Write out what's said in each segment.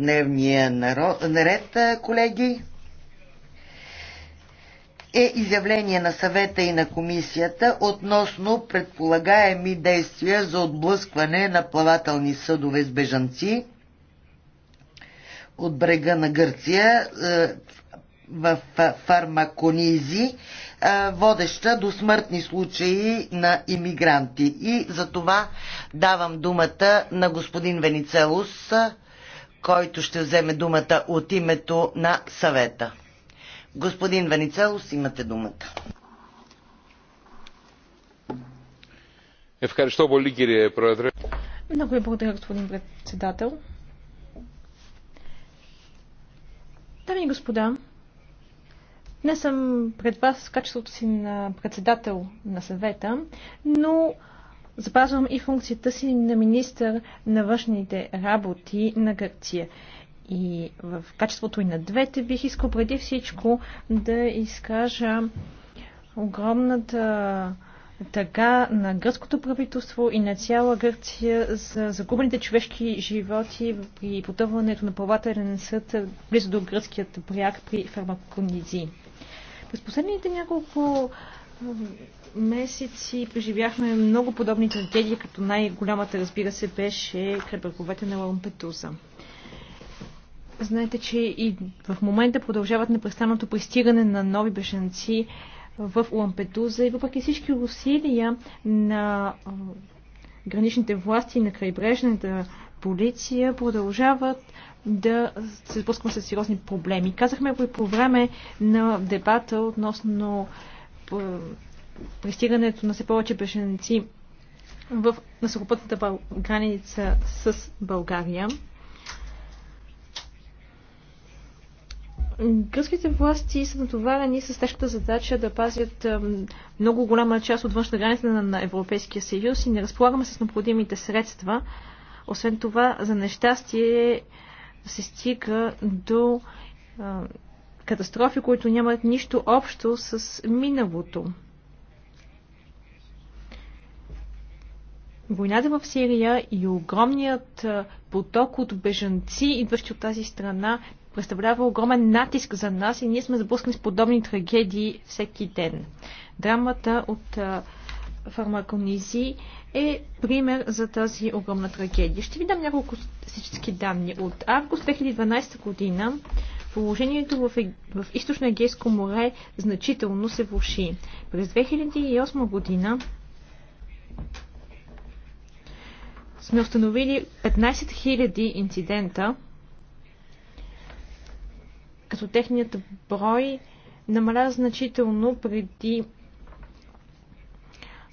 дневния народ, наред, колеги, е изявление на съвета и на комисията относно предполагаеми действия за отблъскване на плавателни съдове с бежанци от брега на Гърция в фармаконизи, водеща до смъртни случаи на иммигранти. И за това давам думата на господин Веницелус, който ще вземе думата от името на съвета. Господин Веницелос, имате думата. Ευχαριστώ πολύ κύριε Много ви благодаря, господин председател. Дами и господа, днес съм пред вас в качеството си на председател на съвета, но запазвам и функцията си на министър на външните работи на Гърция. И в качеството и на двете бих искал преди всичко да изкажа огромната тъга на гръцкото правителство и на цяла Гърция за загубените човешки животи при потъването на плавателен съд близо до гръцкият бряг при фармаконизи. През последните няколко месеци преживяхме много подобни трагедии, като най-голямата, разбира се, беше крепърговете на Лампетуза. Знаете, че и в момента продължават непрестанното пристигане на нови беженци в Лампетуза и въпреки всички усилия на граничните власти на крайбрежната полиция продължават да се спускам с сериозни проблеми. Казахме го и по време на дебата относно пристигането на все повече бешенци в, насокопътната граница с България. Гръцките власти са натоварени с тежката задача да пазят много голяма част от външна граница на Европейския съюз и не разполагаме с необходимите средства. Освен това, за нещастие се стига до катастрофи, които нямат нищо общо с миналото. Войната в Сирия и огромният поток от бежанци, идващи от тази страна, представлява огромен натиск за нас и ние сме запускани с подобни трагедии всеки ден. Драмата от фармаконизи е пример за тази огромна трагедия. Ще ви дам няколко статистически данни. От август 2012 година положението в, е... в източно Егейско море значително се влуши. През 2008 година сме установили 15 000 инцидента, като техният брой намаля значително преди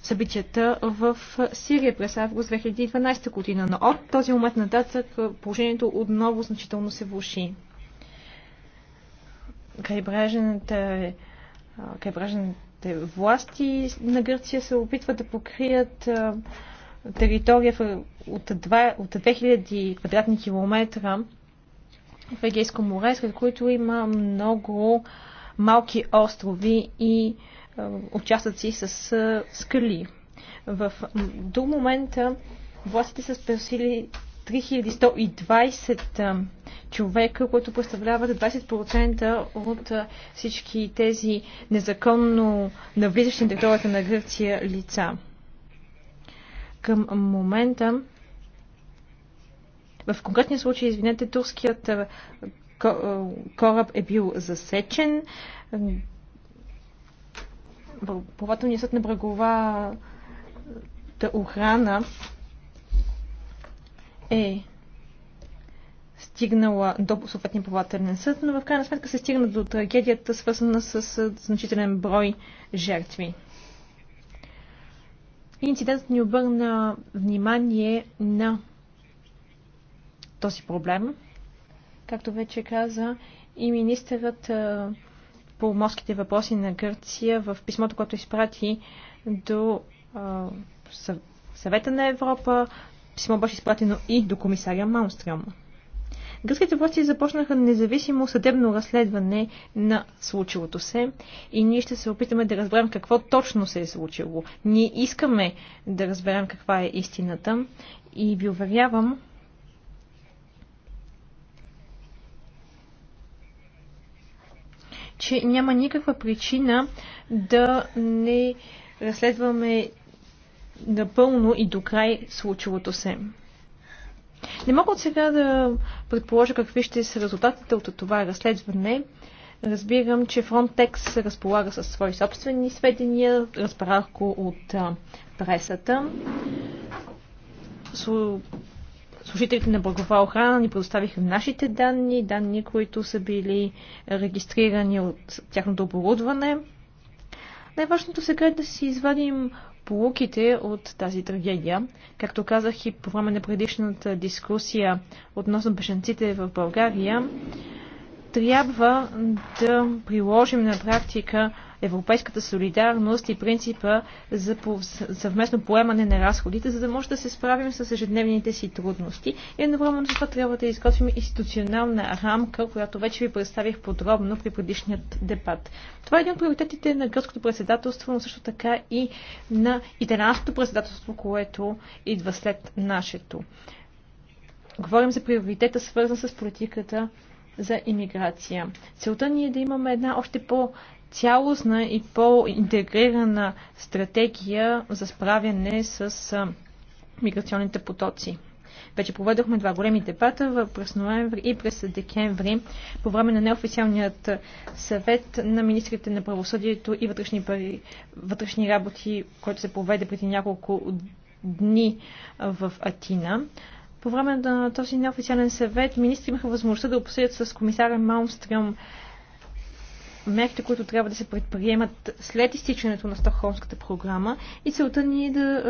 събитията в Сирия през август 2012 година. Но от този момент нататък положението отново значително се влуши крайбрежната, крайбрежните власти на Гърция се опитват да покрият територия от, 2, от 2000 квадратни километра в Егейско море, сред които има много малки острови и участъци с скали. В, до момента властите са спасили 3120 човека, които представляват 20% от всички тези незаконно навлизащи на територията на Гърция лица. Към момента, в конкретния случай, извинете, турският кораб е бил засечен. Плавателният съд на брегова охрана е стигнала до съответния пователен съд, но в крайна сметка се стигна до трагедията, свързана с значителен брой жертви. Инцидентът ни обърна внимание на този проблем. Както вече каза и министърът по морските въпроси на Гърция в писмото, което изпрати до Съвета на Европа, Писмо беше изпратено и до комисаря Маунстрам. Гръцките власти започнаха независимо съдебно разследване на случилото се и ние ще се опитаме да разберем какво точно се е случило. Ние искаме да разберем каква е истината и ви уверявам, че няма никаква причина да не разследваме напълно и до край случилото се. Не мога от сега да предположа какви ще са резултатите от това разследване. Разбирам, че Frontex разполага със свои собствени сведения, разбрах го от пресата. Служителите на Благова охрана ни предоставиха нашите данни, данни, които са били регистрирани от тяхното оборудване. Най-важното сега е да си извадим полуките от тази трагедия. Както казах и по време на предишната дискусия относно бешенците в България, трябва да приложим на практика европейската солидарност и принципа за съвместно поемане на разходите, за да може да се справим с ежедневните си трудности. И едновременно за това трябва да изготвим институционална рамка, която вече ви представих подробно при предишният дебат. Това е един от приоритетите на гръцкото председателство, но също така и на италянското председателство, което идва след нашето. Говорим за приоритета, свързан с политиката за иммиграция. Целта ни е да имаме една още по- цялостна и по-интегрирана стратегия за справяне с миграционните потоци. Вече проведохме два големи дебата през ноември и през декември по време на неофициалният съвет на министрите на правосъдието и вътрешни, пари, вътрешни работи, който се проведе преди няколко дни в Атина. По време на този неофициален съвет министри имаха възможността да обсъдят с комисаря Малмстрем мерките, които трябва да се предприемат след изтичането на Стокхолмската програма и целта ни е да,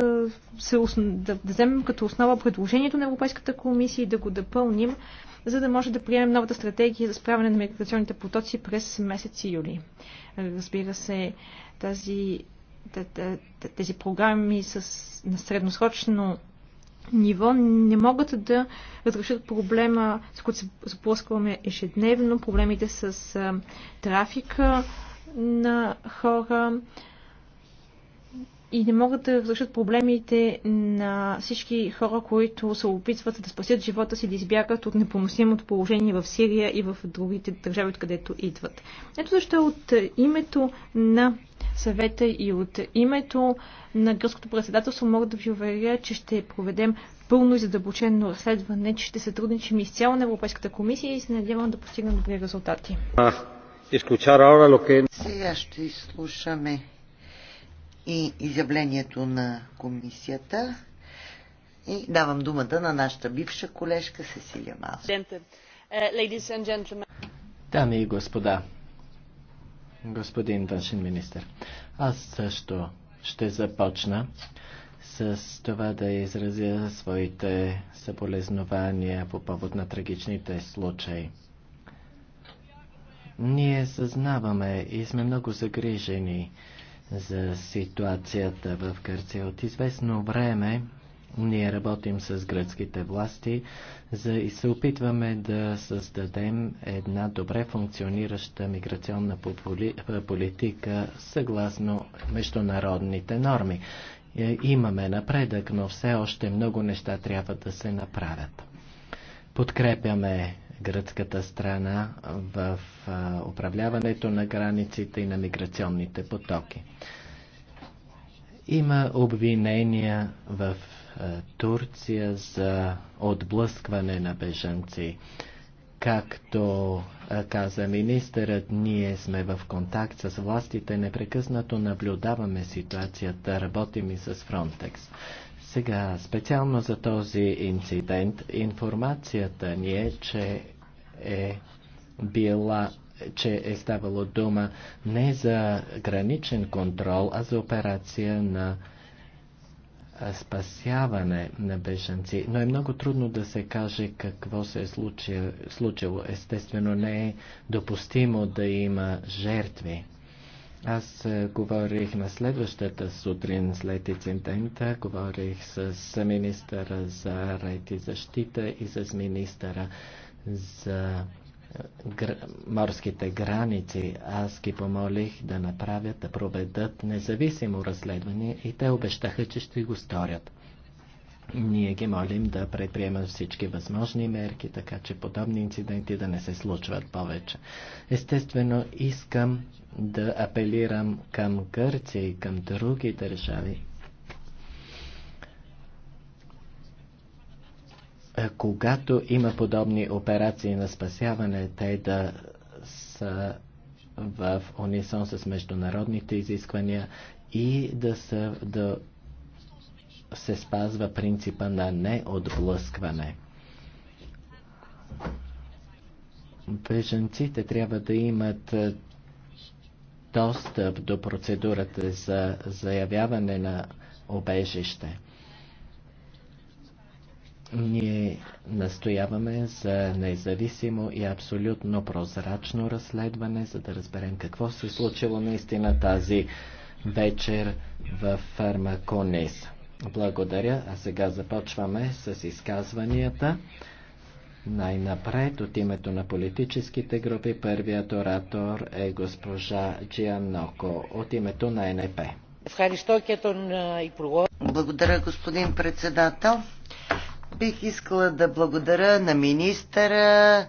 се, да, да вземем като основа предложението на Европейската комисия и да го допълним, за да може да приемем новата стратегия за справяне на миграционните потоци през месец юли. Разбира се, тази, тези програми с, на средносрочно ниво не могат да разрешат проблема, с който се сблъскваме ежедневно, проблемите с трафика на хора, и не могат да разрешат проблемите на всички хора, които се опитват да спасят живота си, да избягат от непоносимото положение в Сирия и в другите държави, откъдето идват. Ето защо от името на съвета и от името на гръцкото председателство мога да ви уверя, че ще проведем пълно и задълбочено разследване, че ще сътрудничим изцяло на Европейската комисия и се надявам да постигнем добри резултати. Сега ще изслушаме и изявлението на комисията. И давам думата на нашата бивша колежка Сесилия Маус. Е, Дами и господа, господин външен министр, аз също ще започна с това да изразя своите съболезнования по повод на трагичните случаи. Ние съзнаваме и сме много загрижени за ситуацията в Гърция. От известно време ние работим с гръцките власти за и се опитваме да създадем една добре функционираща миграционна политика съгласно международните норми. Е, имаме напредък, но все още много неща трябва да се направят. Подкрепяме гръцката страна в управляването на границите и на миграционните потоки. Има обвинения в Турция за отблъскване на бежанци. Както каза министърът, ние сме в контакт с властите, непрекъснато наблюдаваме ситуацията, работим и с Фронтекс. Сега, специално за този инцидент, информацията ни е, че е била че е ставало дума не за граничен контрол, а за операция на спасяване на бежанци. Но е много трудно да се каже какво се е случило. Естествено, не е допустимо да има жертви. Аз е, говорих на следващата сутрин след инцидента, говорих с министъра за райти и защита и с министъра за е, гр... морските граници. Аз ги помолих да направят, да проведат независимо разследване и те обещаха, че ще го сторят. Ние ги молим да предприемат всички възможни мерки, така че подобни инциденти да не се случват повече. Естествено, искам да апелирам към Гърция и към други държави. Когато има подобни операции на спасяване, те да са в унисон с международните изисквания и да, са, да се спазва принципа на неотблъскване. Беженците трябва да имат е, достъп до процедурата за заявяване на обежище. Ние настояваме за независимо и абсолютно прозрачно разследване, за да разберем какво се е случило наистина тази вечер в фармаконеса. Благодаря. А сега започваме с изказванията. Най-напред от името на политическите групи първият оратор е госпожа Джианоко от името на НП. Благодаря, господин председател. Бих искала да благодаря на министъра,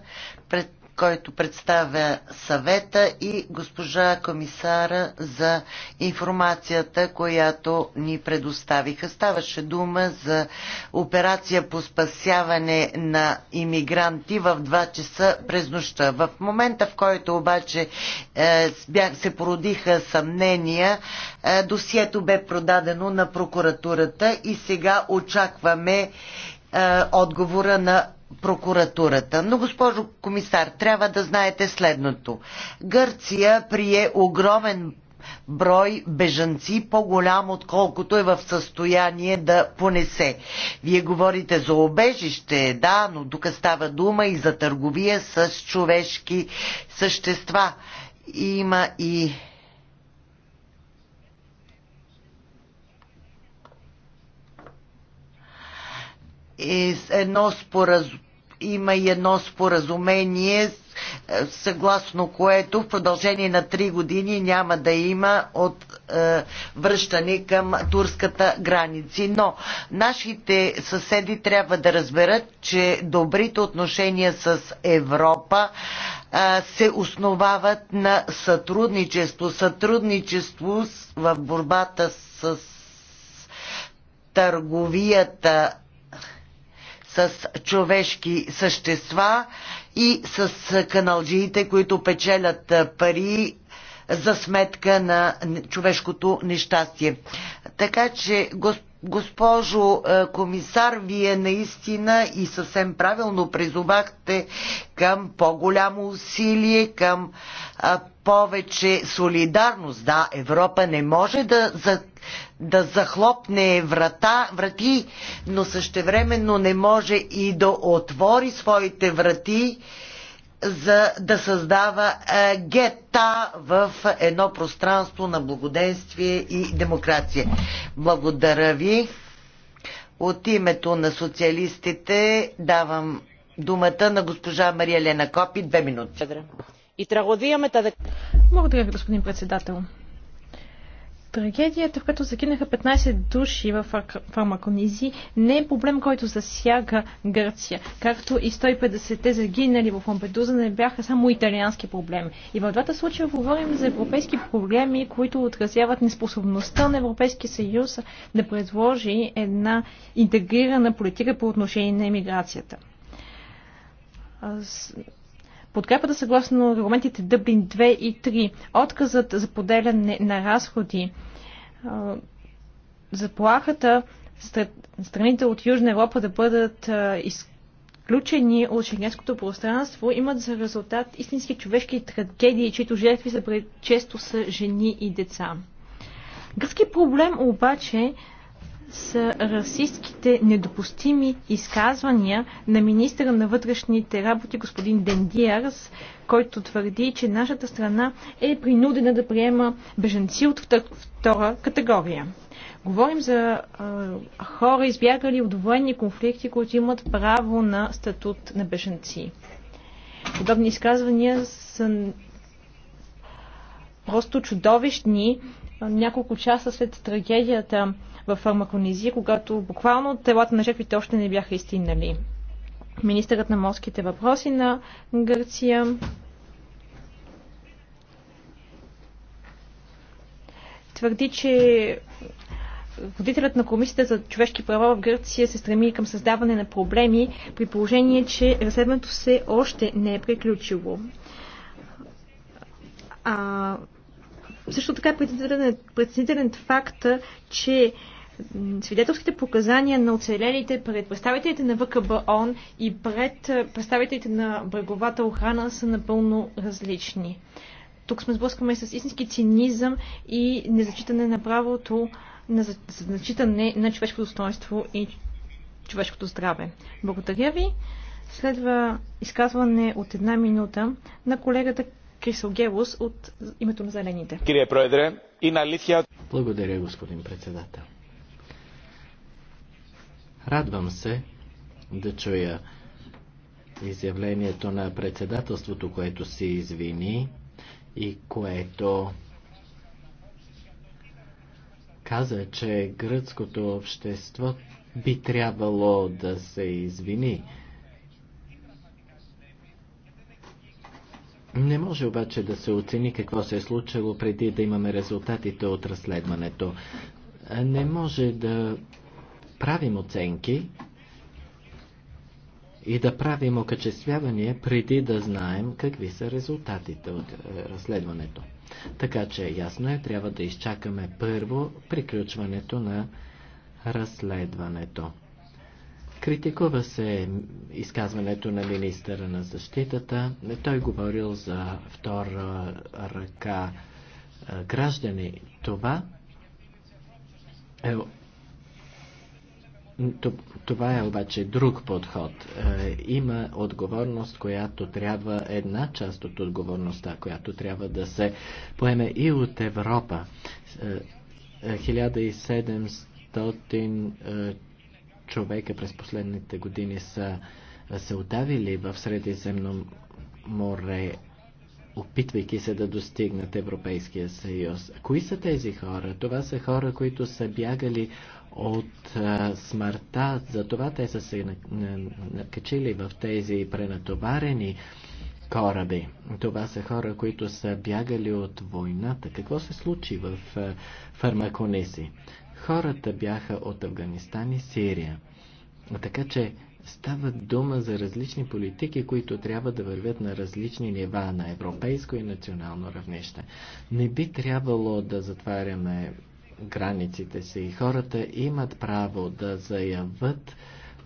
пред който представя съвета и госпожа комисара за информацията, която ни предоставиха. Ставаше дума за операция по спасяване на иммигранти в 2 часа през нощта. В момента, в който обаче е, се породиха съмнения, е, досието бе продадено на прокуратурата и сега очакваме е, отговора на прокуратурата. Но, госпожо комисар, трябва да знаете следното. Гърция прие огромен брой бежанци по-голям, отколкото е в състояние да понесе. Вие говорите за обежище, да, но тук става дума и за търговия с човешки същества. Има и Е едно споразумение има и едно споразумение, е, съгласно което в продължение на три години няма да има от е, връщане към турската граници. Но нашите съседи трябва да разберат, че добрите отношения с Европа е, се основават на сътрудничество. Сътрудничество в борбата с търговията с човешки същества и с каналджиите, които печелят пари за сметка на човешкото нещастие. Така че, госпожо комисар, вие наистина и съвсем правилно призовахте към по-голямо усилие, към повече солидарност. Да, Европа не може да да захлопне врата, врати, но същевременно не може и да отвори своите врати, за да създава е, гета в едно пространство на благоденствие и демокрация. Благодаря ви. От името на социалистите давам думата на госпожа Мария Лена Копи. Две минути. Благодаря, господин председател. Трагедията, в която загинаха 15 души в Фармаконизи, не е проблем, който засяга Гърция. Както и 150-те загинали в Ампедуза, не бяха само италиански проблем. И в двата случая говорим за европейски проблеми, които отразяват неспособността на Европейския съюз да предложи една интегрирана политика по отношение на емиграцията Подкрепата съгласно регламентите Дъблин 2 и 3, отказът за поделяне на разходи, заплахата страните от Южна Европа да бъдат изключени от шенгенското пространство имат за резултат истински човешки трагедии, чието жертви са често са жени и деца. Гръцки проблем обаче са расистските недопустими изказвания на министра на вътрешните работи господин Диарс, който твърди, че нашата страна е принудена да приема беженци от втора категория. Говорим за а, хора, избягали от военни конфликти, които имат право на статут на беженци. Подобни изказвания са просто чудовищни няколко часа след трагедията в фармаконизия, когато буквално телата на жертвите още не бяха истинали. Министърът на морските въпроси на Гърция твърди, че Водителят на Комисията за човешки права в Гърция се стреми към създаване на проблеми, при положение, че разследването се още не е приключило. А, също така е преценителен факт, че свидетелските показания на оцелелите пред представителите на ВКБОН и пред представителите на бреговата охрана са напълно различни. Тук сме сблъскаме с истински цинизъм и незачитане на правото на зачитане на човешкото достоинство и човешкото здраве. Благодаря ви. Следва изказване от една минута на колегата Крисогелос от името на Зелените. Благодаря, господин председател. Радвам се да чуя изявлението на председателството, което се извини и което каза, че гръцкото общество би трябвало да се извини. Не може обаче да се оцени какво се е случило преди да имаме резултатите от разследването. Не може да правим оценки и да правим окачествявания преди да знаем какви са резултатите от е, разследването. Така че ясно е, трябва да изчакаме първо приключването на разследването. Критикува се изказването на министъра на защитата. Той говорил за втора ръка е, граждани. Това е това е обаче друг подход. Е, има отговорност, която трябва, една част от отговорността, която трябва да се поеме и от Европа. 1700 е, е, човека през последните години са се отдавили в Средиземно море, опитвайки се да достигнат Европейския съюз. Кои са тези хора? Това са хора, които са бягали от а, смъртта. Затова те са се накачили в тези пренатоварени кораби. Това са хора, които са бягали от войната. Какво се случи в а, Фармаконеси? Хората бяха от Афганистан и Сирия. Така че става дума за различни политики, които трябва да вървят на различни нива, на европейско и национално равнище. Не би трябвало да затваряме границите си. И хората имат право да заявят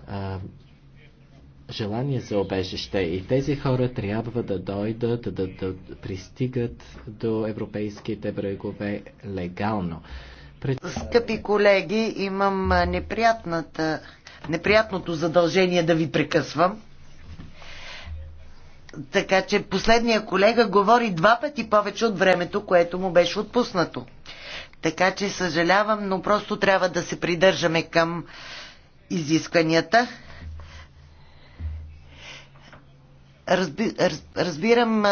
а, желание за обежище и тези хора трябва да дойдат, да, да, да пристигат до европейските брегове легално. Пред... Скъпи колеги, имам неприятната, неприятното задължение да ви прекъсвам. Така че последния колега говори два пъти повече от времето, което му беше отпуснато. Така че съжалявам, но просто трябва да се придържаме към изискванията. Разби, раз, разбирам,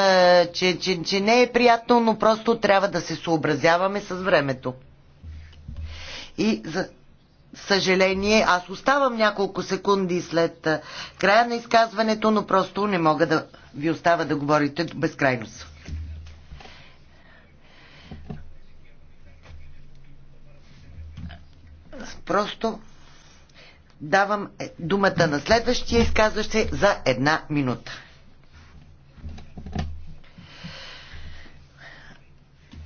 че, че, че не е приятно, но просто трябва да се съобразяваме с времето. И за съжаление, аз оставам няколко секунди след края на изказването, но просто не мога да ви остава да говорите безкрайност. Просто давам е, думата на следващия изказващ се за една минута.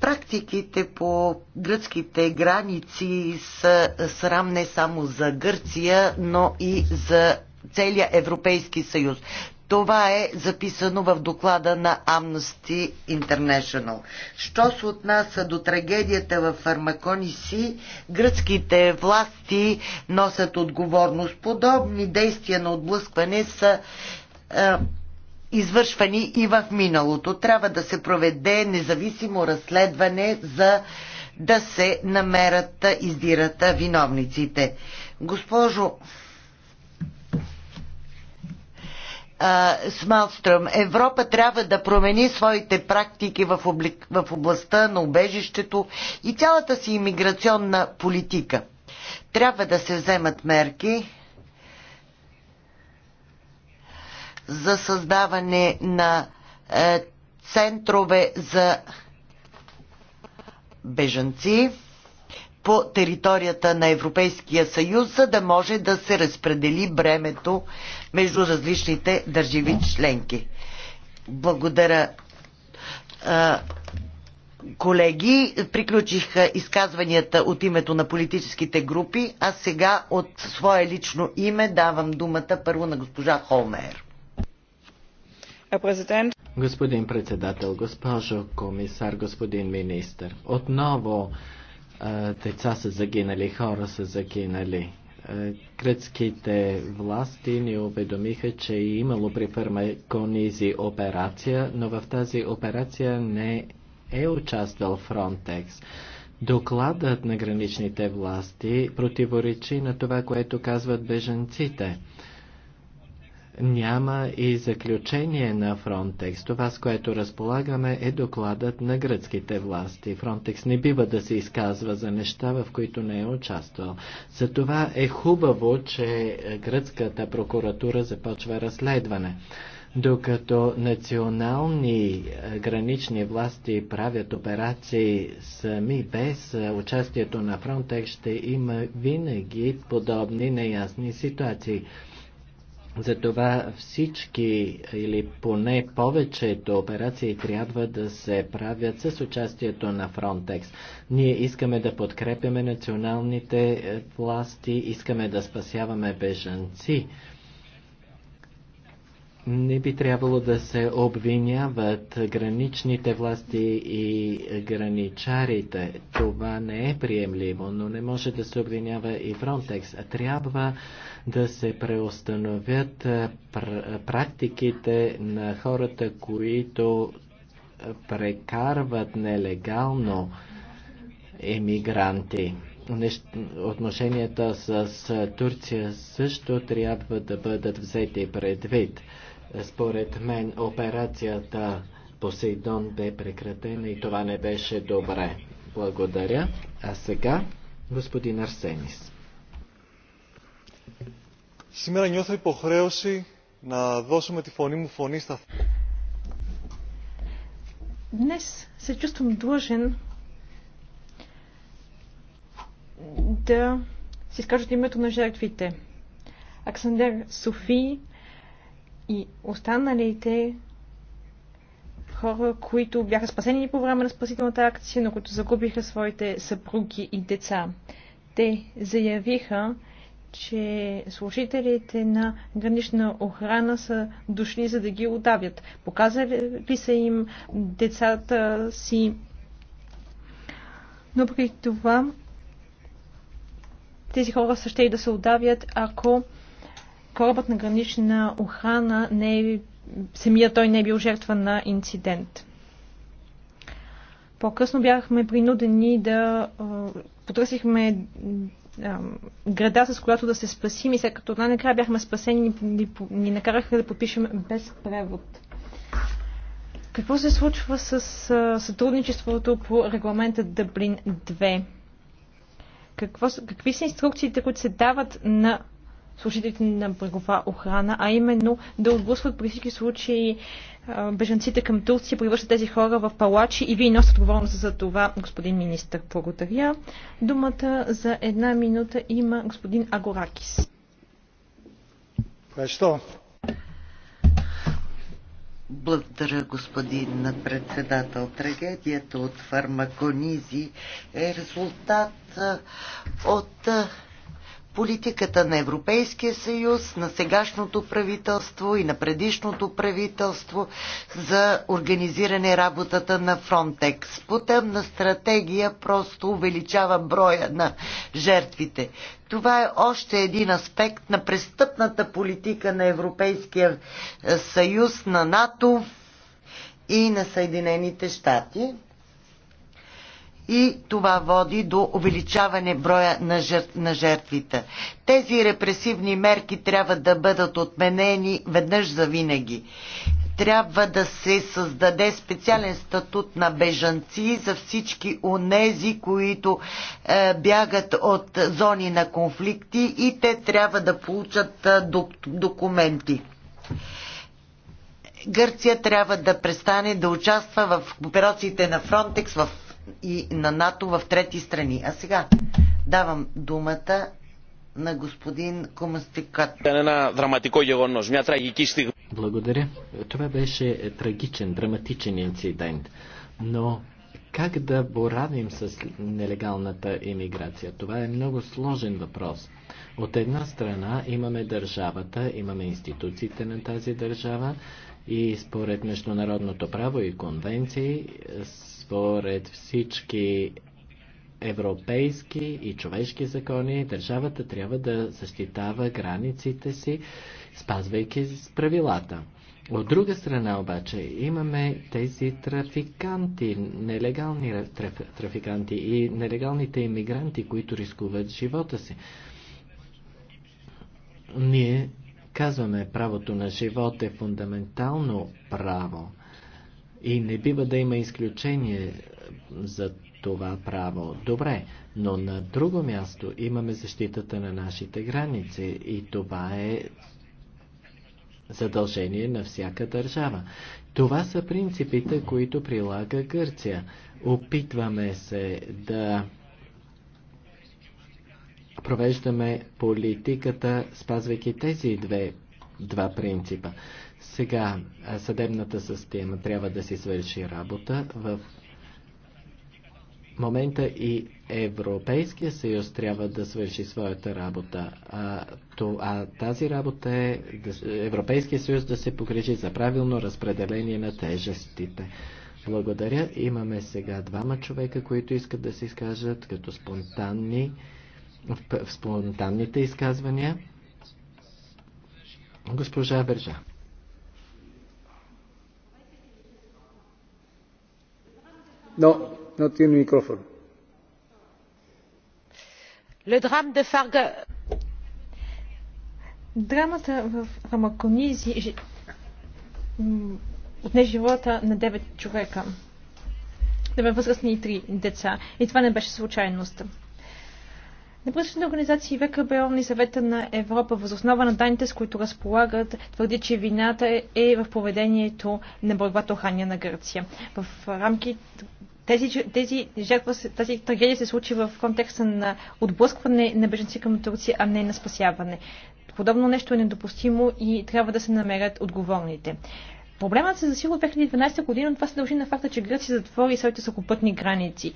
Практиките по гръцките граници са срам не само за Гърция, но и за целия Европейски съюз. Това е записано в доклада на Amnesty International. Що се отнася до трагедията в Фармакониси, гръцките власти носят отговорност. Подобни действия на отблъскване са е, извършвани и в миналото. Трябва да се проведе независимо разследване за да се намерят издират виновниците. Госпожо Смалстръм, Европа трябва да промени своите практики в, в областта на убежището и цялата си иммиграционна политика. Трябва да се вземат мерки за създаване на е, центрове за бежанци по територията на Европейския съюз, за да може да се разпредели бремето между различните държави членки. Благодаря колеги, приключих изказванията от името на политическите групи, а сега от свое лично име давам думата първо на госпожа Холмер. Господин председател, госпожо комисар, господин министр, отново деца са загинали, хора са загинали. Гръцките власти ни уведомиха, че е имало при фирма Конизи операция, но в тази операция не е участвал Фронтекс. Докладът на граничните власти противоречи на това, което казват беженците няма и заключение на Фронтекс. Това, с което разполагаме, е докладът на гръцките власти. Фронтекс не бива да се изказва за неща, в които не е участвал. Затова е хубаво, че гръцката прокуратура започва разследване. Докато национални е, гранични власти правят операции сами без е, участието на Фронтекс, ще има винаги подобни неясни ситуации. Затова всички или поне повечето операции трябва да се правят с участието на Frontex. Ние искаме да подкрепяме националните е, власти, искаме да спасяваме бежанци не би трябвало да се обвиняват граничните власти и граничарите. Това не е приемливо, но не може да се обвинява и Фронтекс. Трябва да се преустановят пр- практиките на хората, които прекарват нелегално емигранти. Отношенията с Турция също трябва да бъдат взети предвид. Според мен операцията Посейдон бе прекратена и това не беше добре. Благодаря. А сега господин Арсенис. Σήμερα νιώθω υποχρέωση να δώσω με τη φωνή μου φωνή στα Днес се чувствам длъжен да си изкажа името на жертвите. Аксандер Софи и останалите хора, които бяха спасени по време на спасителната акция, но които загубиха своите съпруги и деца. Те заявиха, че служителите на гранична охрана са дошли за да ги удавят. Показали са им децата си. Но при това тези хора са ще и да се удавят, ако корабът на гранична охрана не е, самия той не е бил жертва на инцидент. По-късно бяхме принудени да потърсихме града, с която да се спасим и след като най-накрая бяхме спасени, ни, ни накараха да подпишем без превод. Какво се случва с сътрудничеството по регламента Дъблин 2? Какво, какви са инструкциите, които се дават на служителите на брегова охрана, а именно да отблъскват при всички случаи бежанците към Турция, превръщат тези хора в палачи и вие носите отговорност за това, господин министр. Благодаря. Думата за една минута има господин Агоракис. Защо? Благодаря, господин председател. Трагедията от фармаконизи е резултат от политиката на Европейския съюз, на сегашното правителство и на предишното правителство за организиране работата на Фронтекс. тъмна стратегия просто увеличава броя на жертвите. Това е още един аспект на престъпната политика на Европейския е, съюз, на НАТО и на Съединените щати и това води до увеличаване броя на, жер... на жертвите. Тези репресивни мерки трябва да бъдат отменени веднъж за винаги. Трябва да се създаде специален статут на бежанци за всички онези, които е, бягат от зони на конфликти и те трябва да получат е, документи. Гърция трябва да престане да участва в операциите на Фронтекс в и на НАТО в трети страни. А сега давам думата на господин Комастикат. Е, Благодаря. Това беше трагичен, драматичен инцидент. Но как да боравим с нелегалната иммиграция? Това е много сложен въпрос. От една страна имаме държавата, имаме институциите на тази държава и според международното право и конвенции според всички европейски и човешки закони, държавата трябва да защитава границите си, спазвайки правилата. От друга страна обаче имаме тези трафиканти, нелегални траф, трафиканти и нелегалните иммигранти, които рискуват живота си. Ние казваме, правото на живот е фундаментално право – и не бива да има изключение е, за това право. Добре, но на друго място имаме защитата на нашите граници и това е задължение на всяка държава. Това са принципите, които прилага Гърция. Опитваме се да провеждаме политиката, спазвайки тези две два принципа. Сега съдебната система трябва да си свърши работа. В момента и Европейския съюз трябва да свърши своята работа. А, то, а тази работа е да, Европейския съюз да се погрежи за правилно разпределение на тежестите. Благодаря. Имаме сега двама човека, които искат да се изкажат като спонтанни в спонтанните изказвания. Госпожа Вержа. Но, но ти микрофон. Le drame de Farga. Драмата в Рамаконизи отне живота на 9 човека. Две възрастни и 3 деца. И това не беше случайност. Неправителствените организации ВКБОН и съвета на Европа въз основа на данните, с които разполагат, твърди, че вината е в поведението на борбата охраня на Гърция. В рамки тези, тези жертва, тази трагедия се случи в контекста на отблъскване на беженци към Турция, а не на спасяване. Подобно нещо е недопустимо и трябва да се намерят отговорните. Проблемът се засилва от 2012 година, но това се дължи на факта, че Гърция затвори своите сухопътни граници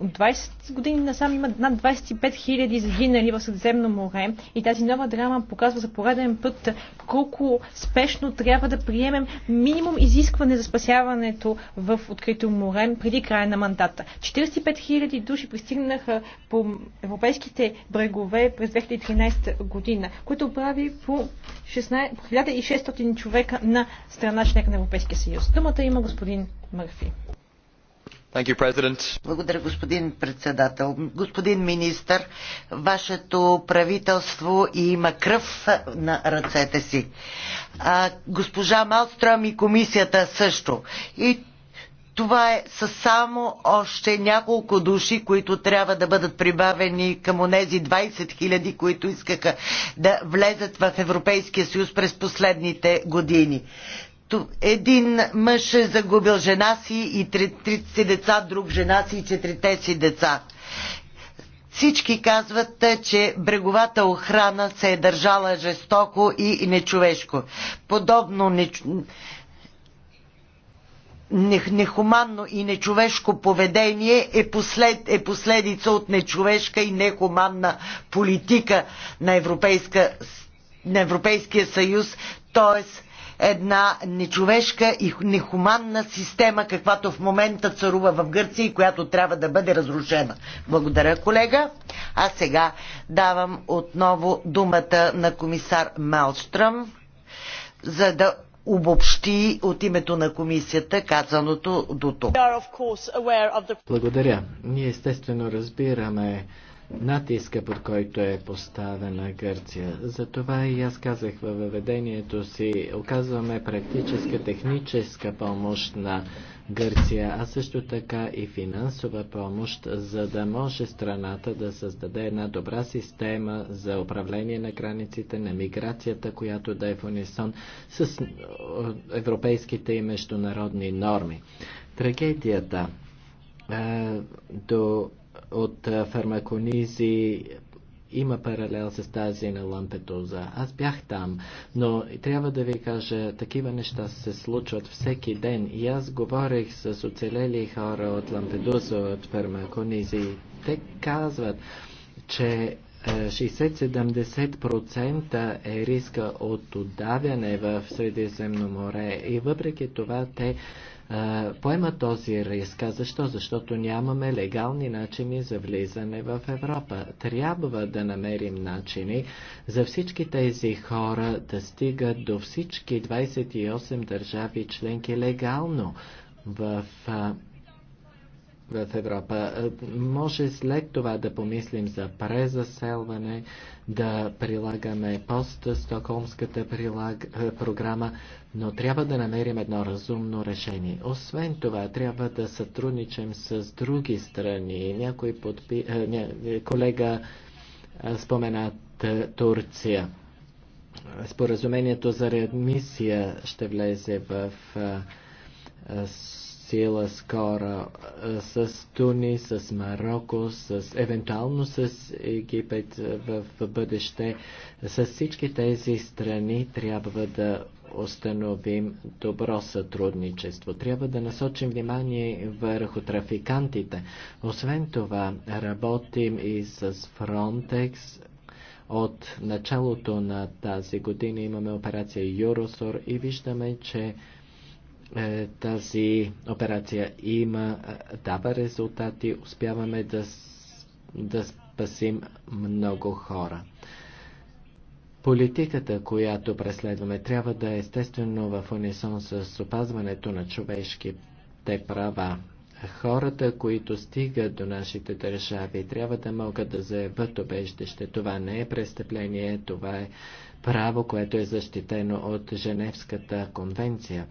от 20 години насам има над 25 000 загинали в Средиземно море и тази нова драма показва за пореден път колко спешно трябва да приемем минимум изискване за спасяването в открито море преди края на мандата. 45 000 души пристигнаха по европейските брегове през 2013 година, което прави по 16, 1600 човека на страна член на Европейския съюз. Думата има господин Мърфи. Благодаря, господин председател. Господин министър, вашето правителство има кръв на ръцете си. А, госпожа Малстрам и комисията също. И това е, са само още няколко души, които трябва да бъдат прибавени към онези 20 хиляди, които искаха да влезат в Европейския съюз през последните години един мъж е загубил жена си и трите си деца, друг жена си и четирите си деца. Всички казват, че бреговата охрана се е държала жестоко и нечовешко. Подобно неч... нехуманно и нечовешко поведение е, послед... е последица от нечовешка и нехуманна политика на, Европейска... на Европейския съюз, т.е една нечовешка и нехуманна система, каквато в момента царува в Гърция и която трябва да бъде разрушена. Благодаря, колега. А сега давам отново думата на комисар Малстръм, за да обобщи от името на комисията казаното до тук. Благодаря. Ние естествено разбираме натиска, под който е поставена Гърция. Затова и аз казах във въведението си, оказваме практическа техническа помощ на Гърция, а също така и финансова помощ, за да може страната да създаде една добра система за управление на границите, на миграцията, която да е в унисон с европейските и международни норми. Трагедията до от фармаконизи има паралел с тази на лампетоза. Аз бях там, но трябва да ви кажа, такива неща се случват всеки ден. И аз говорих с оцелели хора от Лампедуза, от фармаконизи. Те казват, че 60-70% е, е риска от отдавяне в Средиземно море и въпреки това те е, поема този риск. А защо? Защото нямаме легални начини за влизане в Европа. Трябва да намерим начини за всички тези хора да стигат до всички 28 държави членки легално в е, в Европа. Може след това да помислим за презаселване, да прилагаме пост стокомската прилаг... Е, програма, но трябва да намерим едно разумно решение. Освен това, трябва да сътрудничим с други страни. Някой подпи... Е, ня... Е, колега спомена Турция. Споразумението за реадмисия ще влезе в сила скоро с Туни, с Марокко, с, евентуално с Египет в, в бъдеще. С всички тези страни трябва да установим добро сътрудничество. Трябва да насочим внимание върху трафикантите. Освен това, работим и с Frontex, от началото на тази година имаме операция Юросор и виждаме, че е, тази операция има, е, дава резултати, успяваме да, да спасим много хора. Политиката, която преследваме, трябва да е естествено в унисон с опазването на човешките права. Хората, които стигат до нашите държави, трябва да могат да заявят обеждаще. Това не е престъпление, това е право, което е защитено от Женевската конвенция.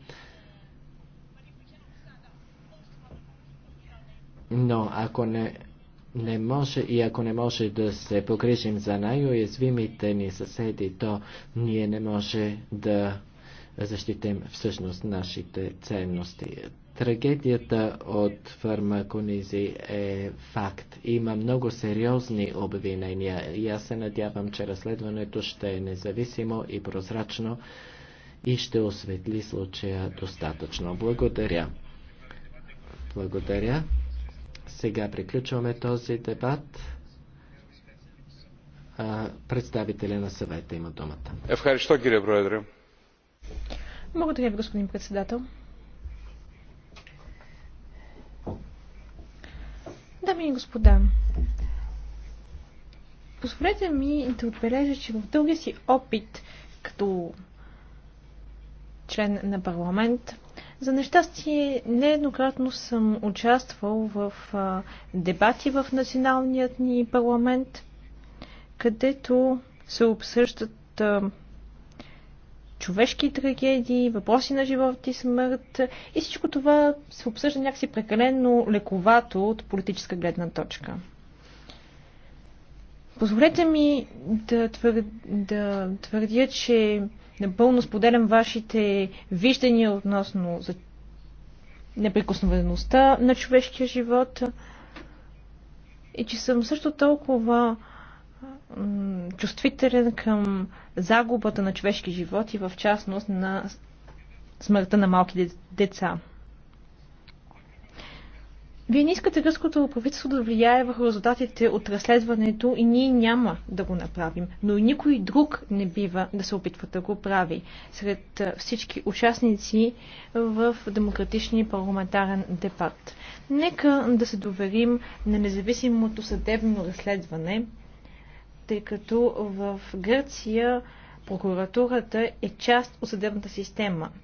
Но ако не, не може и ако не може да се погрижим за най-уязвимите ни съседи, то ние не може да защитим всъщност нашите ценности. Трагедията от фармаконизи е факт. Има много сериозни обвинения и аз се надявам, че разследването ще е независимо и прозрачно и ще осветли случая достатъчно. Благодаря. Благодаря. Сега приключваме този дебат. Представителя на съвета има думата. Евхаристо, кире проедре. Благодаря ви, господин председател. Дами и господа, позволете ми да отбележа, че в дългия си опит като член на парламент за нещастие, нееднократно съм участвал в а, дебати в националният ни парламент, където се обсъждат а, човешки трагедии, въпроси на живот и смърт. И всичко това се обсъжда някакси прекалено лековато от политическа гледна точка. Позволете ми да, твър... да твърдя, че Напълно споделям вашите виждания относно за неприкосновеността на човешкия живот и че съм също толкова чувствителен към загубата на човешки живот и в частност на смъртта на малките деца. Вие не искате гръцкото правителство да влияе върху резултатите от разследването и ние няма да го направим, но и никой друг не бива да се опитва да го прави сред всички участници в демократичния парламентарен дебат. Нека да се доверим на независимото съдебно разследване, тъй като в Гърция прокуратурата е част от съдебната система –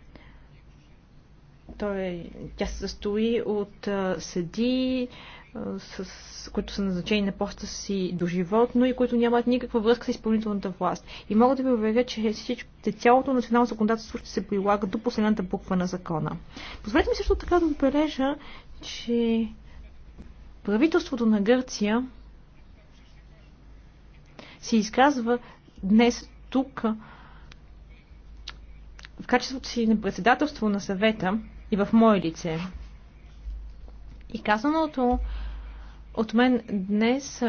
той, тя се състои от съди, с, които са назначени на поста си до животно и които нямат никаква връзка с изпълнителната власт. И мога да ви уверя, че всичко, цялото национално законодателство ще се прилага до последната буква на закона. Позволете ми също така да отбележа, че правителството на Гърция се изказва днес тук в качеството си на председателство на съвета и в мое лице. И казаното от мен днес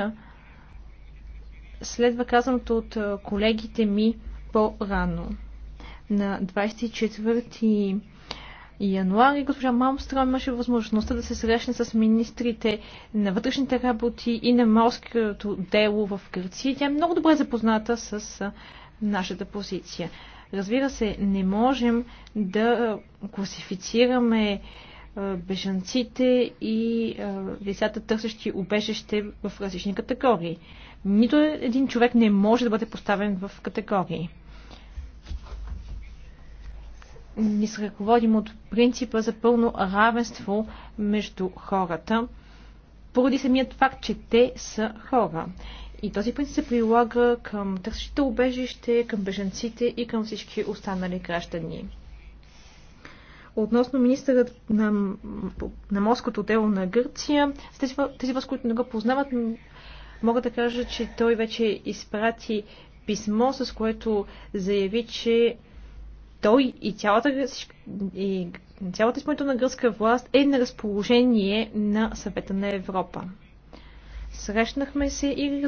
следва казаното от колегите ми по-рано. На 24 януари госпожа Малмстрам имаше възможността да се срещне с министрите на вътрешните работи и на морското дело в Гърция. Тя е много добре запозната с нашата позиция. Разбира се, не можем да класифицираме бежанците и лицата търсещи обежище в различни категории. Нито един човек не може да бъде поставен в категории. Ни се ръководим от принципа за пълно равенство между хората, поради самият факт, че те са хора. И този принцип се прилага към търсещите убежище, към беженците и към всички останали граждани. Относно министърът на, на морското дело на Гърция, тези, тези вас, които не го познават, мога да кажа, че той вече изпрати писмо, с което заяви, че той и цялата, и цялата изпълнителна гръцка власт е на разположение на съвета на Европа. Срещнахме се и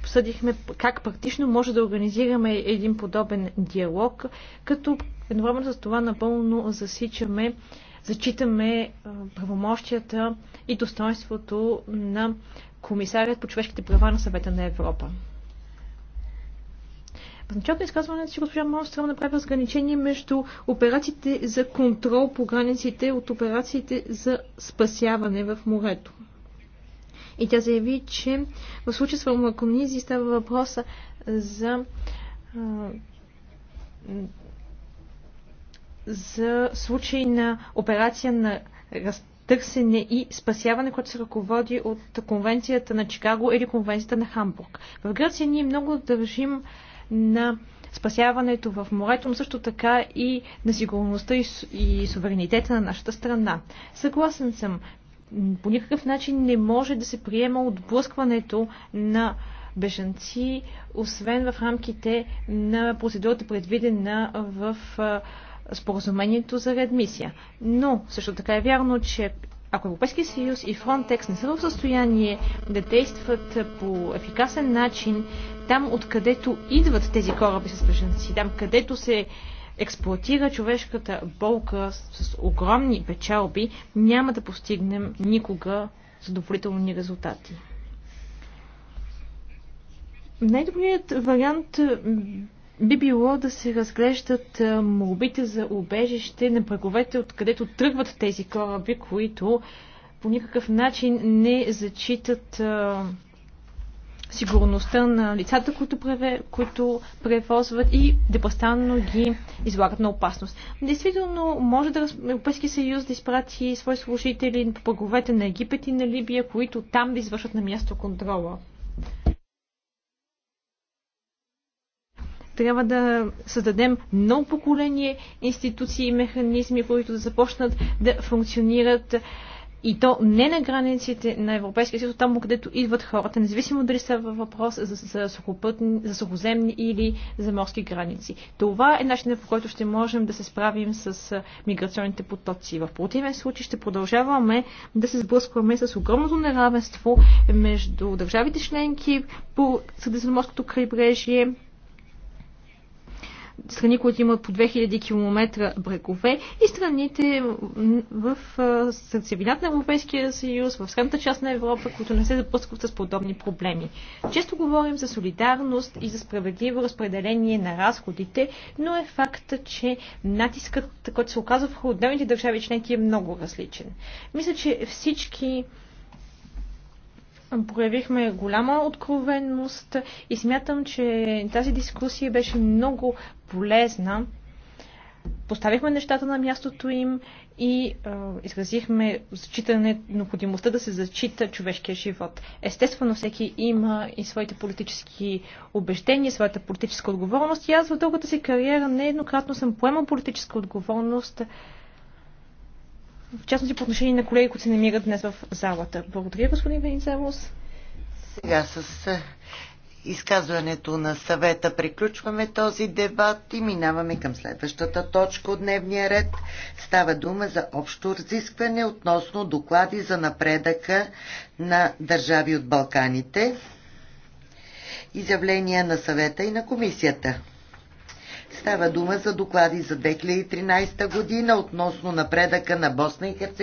обсъдихме как практично може да организираме един подобен диалог, като едновременно с това напълно засичаме, зачитаме правомощията и достоинството на комисарят по човешките права на съвета на Европа. В началото на изказването си госпожа Монстрам направи разграничение между операциите за контрол по границите от операциите за спасяване в морето. И тя заяви, че в случай с фармаконизи става въпроса за за случай на операция на разтърсене и спасяване, което се ръководи от конвенцията на Чикаго или конвенцията на Хамбург. В Гърция ние много държим на спасяването в морето, но също така и на сигурността и суверенитета на нашата страна. Съгласен съм, по никакъв начин не може да се приема отблъскването на бежанци, освен в рамките на процедурата предвидена в споразумението за реадмисия. Но също така е вярно, че ако Европейския съюз и Фронтекс не са в състояние да действат по ефикасен начин там, откъдето идват тези кораби с бежанци, там, където се експлуатира човешката болка с огромни печалби, няма да постигнем никога задоволителни резултати. Най-добрият вариант би било да се разглеждат молбите за убежище на бреговете, откъдето тръгват тези кораби, които по никакъв начин не зачитат сигурността на лицата, които, преве, които превозват и непрестанно ги излагат на опасност. Действително, може да Европейския съюз да изпрати свои служители по бреговете на Египет и на Либия, които там да извършат на място контрола. трябва да създадем ново поколение институции и механизми, които да започнат да функционират и то не на границите на Европейския съюз, там където идват хората, независимо дали са въпрос за, за, сухопътни, за сухоземни или за морски граници. Това е начинът по който ще можем да се справим с миграционните потоци. В противен случай ще продължаваме да се сблъскваме с огромното неравенство между държавите членки по Средиземноморското крайбрежие страни, които имат по 2000 км брегове и страните в сърцевината на Европейския съюз, в средната част на Европа, които не се запускат с подобни проблеми. Често говорим за солидарност и за справедливо разпределение на разходите, но е факта, че натискът, който се оказва в отделните държави членки е много различен. Мисля, че всички проявихме голяма откровенност и смятам, че тази дискусия беше много полезна. Поставихме нещата на мястото им и е, изразихме зачитане, необходимостта да се зачита човешкия живот. Естествено, всеки има и своите политически убеждения, своята политическа отговорност. И аз в дългата си кариера нееднократно съм поемал политическа отговорност в частност и по отношение на колеги, които се намират днес в залата. Благодаря, господин Венецелос. Сега с е, изказването на съвета приключваме този дебат и минаваме към следващата точка от дневния ред. Става дума за общо разискване относно доклади за напредъка на държави от Балканите, изявления на съвета и на комисията. Става дума за доклади за 2013 година относно напредъка на Босна и Херцеговина.